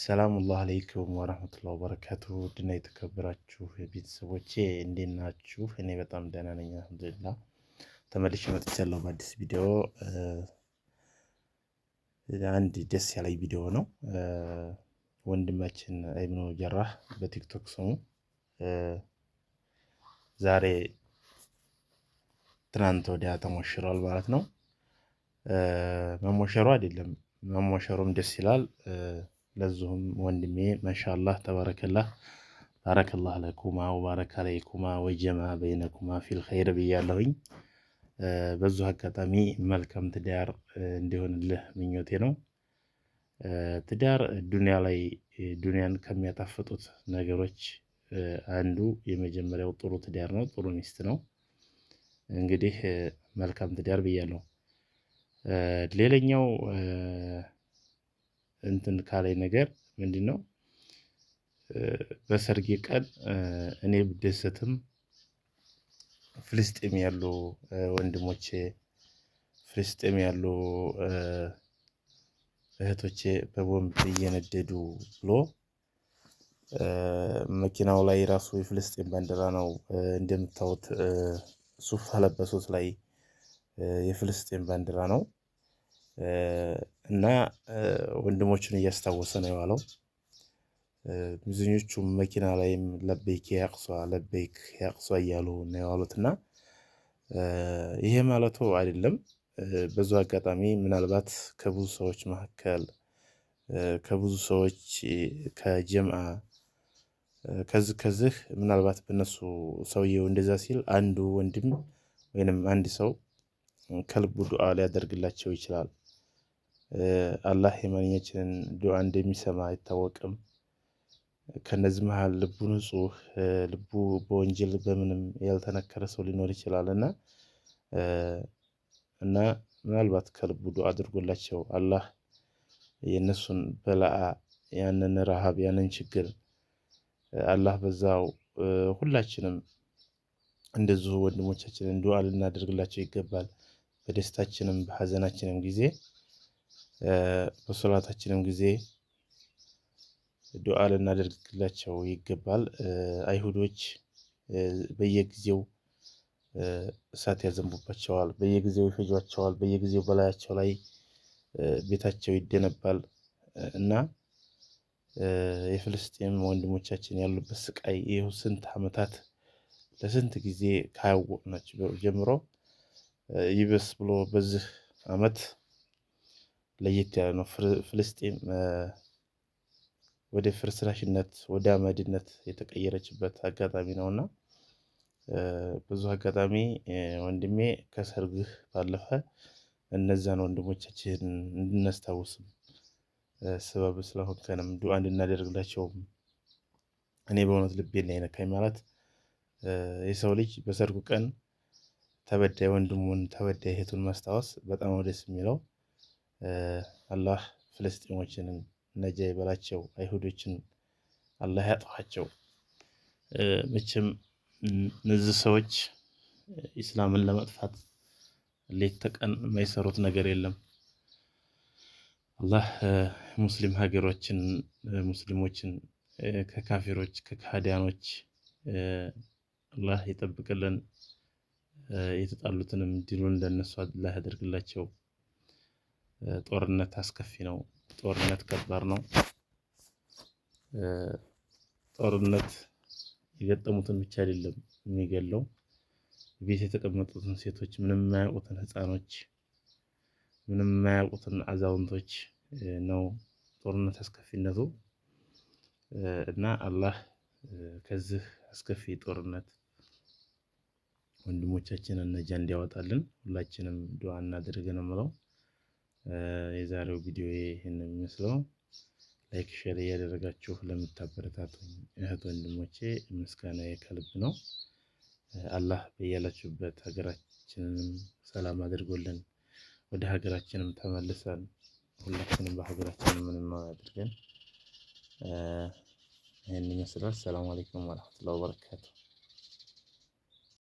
ሰላሙላህ አለይኩም ወረህመቱላህ ወበረካቱ ድና የተከበራችሁ ቤተሰቦቼ እንዴት ናችሁ? እኔ በጣም ደህና ነኝ አልሐምዱሊላህ። ተመልሼ መጥቻለሁ በአዲስ ቪዲዮ። አንድ ደስ ያለኝ ቪዲዮ ነው። ወንድማችን ኢብኑ ጀራህ በቲክቶክ ስሙ ዛሬ ትናንት ወዲያ ተሞሽሯል ማለት ነው። መሞሸሩ አይደለም መሞሸሩም ደስ ይላል። ለዚሁም ወንድሜ ማሻአላህ ተባረከላህ ባረከላህ ለኩማ ወባረከ አለይኩማ ወጀማ በይነኩማ ፊል ኸይር ብያለሁኝ። በዙ አጋጣሚ መልካም ትዳር እንዲሆንልህ ምኞቴ ነው። ትዳር ዱንያ ላይ ዱንያን ከሚያጣፍጡት ነገሮች አንዱ የመጀመሪያው ጥሩ ትዳር ነው፣ ጥሩ ሚስት ነው። እንግዲህ መልካም ትዳር ብያለሁ። ሌላኛው እንትን ካላይ ነገር ምንድን ነው በሰርጌ ቀን እኔ ብደሰትም ፍልስጤም ያሉ ወንድሞቼ ፍልስጤም ያሉ እህቶቼ በቦምብ እየነደዱ ብሎ መኪናው ላይ ራሱ የፍልስጤን ባንዲራ ነው እንደምታዩት። ሱፍ አለበሱት ላይ የፍልስጤን ባንዲራ ነው። እና ወንድሞቹን እያስታወሰ ነው የዋለው። ብዙኞቹ መኪና ላይም ለቤክ ያቅሷ ለቤክ ያቅሷ እያሉ ነው የዋሉት። እና ይሄ ማለቱ አይደለም። በዙ አጋጣሚ ምናልባት ከብዙ ሰዎች መካከል ከብዙ ሰዎች ከጀምአ ከዚህ ከዚህ ምናልባት በነሱ ሰውየው እንደዛ ሲል አንዱ ወንድም ወይንም አንድ ሰው ከልቡ ዱዓ ሊያደርግላቸው ይችላል። አላህ የማንኛችንን ዱዓ እንደሚሰማ አይታወቅም። ከነዚህ መሀል ልቡ ንጹህ፣ ልቡ በወንጀል በምንም ያልተነከረ ሰው ሊኖር ይችላል እና እና ምናልባት ከልቡ ዱዓ አድርጎላቸው አላህ የእነሱን በላአ ያንን ረሃብ ያንን ችግር አላህ በዛው ሁላችንም እንደዚሁ ወንድሞቻችንን ዱዓ ልናደርግላቸው ይገባል። በደስታችንም በሀዘናችንም ጊዜ በሶላታችንም ጊዜ ዱዓ ልናደርግላቸው ይገባል። አይሁዶች በየጊዜው እሳት ያዘንቡባቸዋል፣ በየጊዜው ይፈጇቸዋል፣ በየጊዜው በላያቸው ላይ ቤታቸው ይደነባል እና የፍልስጤም ወንድሞቻችን ያሉበት ስቃይ ይህ ስንት ዓመታት ለስንት ጊዜ ካያወቅናቸው ጀምሮ ይበስ ብሎ በዚህ ዓመት ለየት ያለ ነው። ፍልስጤም ወደ ፍርስራሽነት ወደ አመድነት የተቀየረችበት አጋጣሚ ነው እና ብዙ አጋጣሚ ወንድሜ ከሰርግህ ባለፈ እነዛን ወንድሞቻችን እንድናስታውስም ስበብ ስለሆንከንም ዱዓ እንድናደርግላቸውም እኔ በእውነት ልቤን አይነካኝ ማለት የሰው ልጅ በሰርጉ ቀን ተበዳይ ወንድሙን ተበዳይ እህቱን ማስታወስ በጣም ደስ የሚለው። አላህ ፍልስጤሞችንን ነጃ ይበላቸው፣ አይሁዶችን አላህ ያጥፋቸው። መቼም እነዚህ ሰዎች ኢስላምን ለመጥፋት ሌት ተቀን የማይሰሩት ነገር የለም። አላህ ሙስሊም ሀገሮችን ሙስሊሞችን ከካፊሮች ከካህዲያኖች አላህ ይጠብቅልን። የተጣሉትንም ዲኑን ለነሱ አላህ ያደርግላቸው። ጦርነት አስከፊ ነው። ጦርነት ከባድ ነው። ጦርነት የገጠሙትን ብቻ አይደለም የሚገለው፣ ቤት የተቀመጡትን ሴቶች፣ ምንም የማያውቁትን ህፃኖች ምንም የማያውቁትን አዛውንቶች ነው ጦርነት አስከፊነቱ እና አላህ ከዚህ አስከፊ ጦርነት ወንድሞቻችንን ነጃ እንዲያወጣልን ሁላችንም ዱዓ እናድርግ ነው የምለው። የዛሬው ቪዲዮ ይህን የሚመስለው ላይክ ሼር እያደረጋችሁ ለምታበረታቱኝ እህት ወንድሞቼ ምስጋና ከልብ ነው። አላህ በያላችሁበት ሀገራችንንም ሰላም አድርጎልን ወደ ሀገራችንም ተመልሰን ሁላችንም በሀገራችን ምንኖር አድርገን ይህን ይመስላል። ሰላም አለይኩም ወረሕመቱላሂ ወበረካቱ።